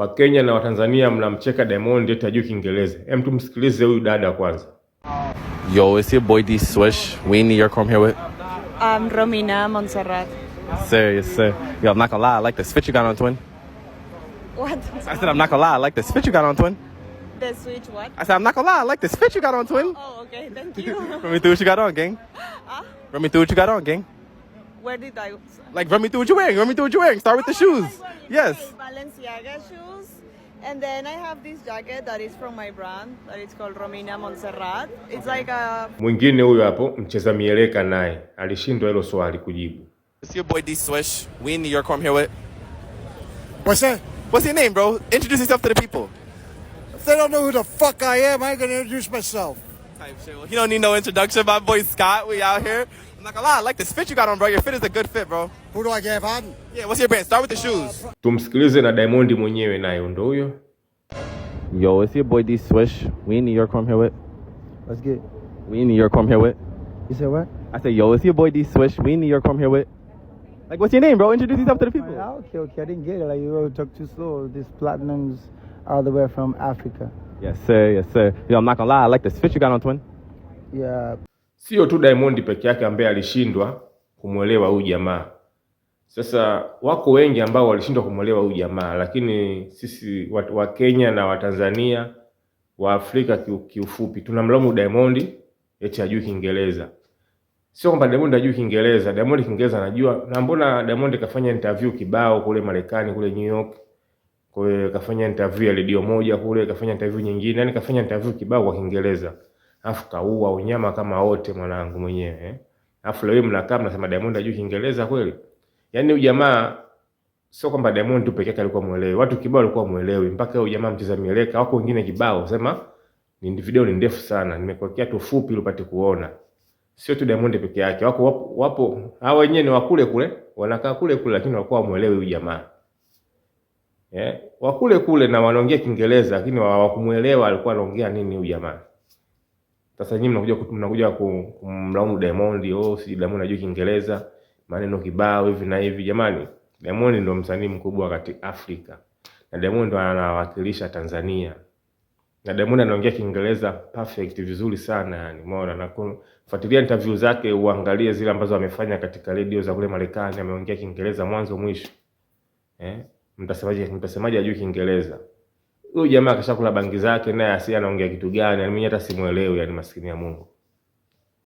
Wakenya na Watanzania mnamcheka Diamond eti ajui Kiingereza. Hem, tumsikilize huyu dada kwanza. Yo, it's your boy D Swish. Weenie, you're come here with? Um, Romina Montserrat. Serious, sir. Yo, I'm not gonna lie, I like this fit you got on, twin. What? I said, I'm not gonna lie, I like this fit you got on, twin. The switch what? I said, I'm not gonna lie, I like this fit you got on, twin. Oh, okay, thank you. run me through what you got on, gang. Huh? Ah. Run me through what you got on, gang. Where did I... Like, run me through what you're wearing, run me through what you're wearing. Start with oh, the shoes. Yes. Balenciaga shoes. And then I have this jacket that is from my brand that is called Romina Montserrat. It's like a... Mwingine huyo hapo mcheza mieleka naye alishindwa hilo swali kujibu. It's your boy D Swish. We in New York, I'm here with. What's that? What's your name, bro? Introduce yourself to the people. If they don't know who the fuck I am, I ain't gonna introduce myself. Type shit. You don't need no introduction. My boy Scott, we out here. I'm not gonna lie, I like this fit you got on, bro. Your fit is a good fit, bro. Who do I get, pardon? Yeah, what's your brand? Start with the shoes. Tumsikilize na diamondi mwenyewe naye ndo huyo. Yo, it's your boy D Swish. We in New York, come here with. Let's get. We in New York, come here with. You said what? I said, yo, it's your boy D Swish. We in New York, come here with. Like, what's your name, bro? Introduce yourself to the people. okay, okay. I didn't get it. Like, you talk too slow. This platinum's all the way from Africa. Yes, sir. Yes, sir. Yo, I'm not gonna lie. I like this fit you got on, twin. Yeah. sio tu Diamond peke yake ambaye alishindwa kumwelewa huyu jamaa. Sasa wako wengi ambao walishindwa kumwelewa huyu jamaa, lakini sisi wa Kenya na Watanzania wa Afrika kiufupi tunamlaumu Diamond eti hajui Kiingereza. Sio kwamba Diamond hajui Kiingereza, Diamond Kiingereza anajua. Na mbona Diamond kafanya interview kibao kule Marekani, kule New York, kwa kafanya interview ya redio moja kule, kafanya interview nyingine, yani kafanya interview kibao kwa Kiingereza afu kaua unyama kama wote mwanangu mwenyewe. Eh. Afu leo mnakaa mnasema Diamond ajui Kiingereza kweli? Yaani ujamaa sio kwamba Diamond tu pekee alikuwa muelewi. Watu kibao walikuwa muelewi mpaka huyu jamaa mcheza mieleka wako wengine kibao sema ni video ni ndefu sana. Nimekuwekea tu fupi ili upate kuona. Sio tu Diamond peke yake. Wako wapo, wapo hao wenyewe ni wakule kule, wanakaa kule kule lakini walikuwa wamuelewi huyu jamaa. Eh, yeah. Wakule kule na wanaongea Kiingereza lakini hawakumuelewa alikuwa anaongea nini huyu jamaa. Sasa nyinyi mnakuja mnakuja kumlaumu Diamond, oh si Diamond anajua Kiingereza, maneno kibao hivi na hivi. Jamani, Diamond ndo msanii mkubwa kati Afrika. Na Diamond ndo anawakilisha Tanzania. Na Diamond anaongea Kiingereza perfect vizuri sana yani. Umeona na kufuatilia interview zake uangalie zile ambazo amefanya katika redio za kule Marekani ameongea Kiingereza mwanzo mwisho. Eh? Mtasemaje mtasemaje ajui Kiingereza? huyu jamaa akishakula bangi zake, naye asiye anaongea kitu gani? Yaani mimi hata simuelewi, yani maskini ya Mungu.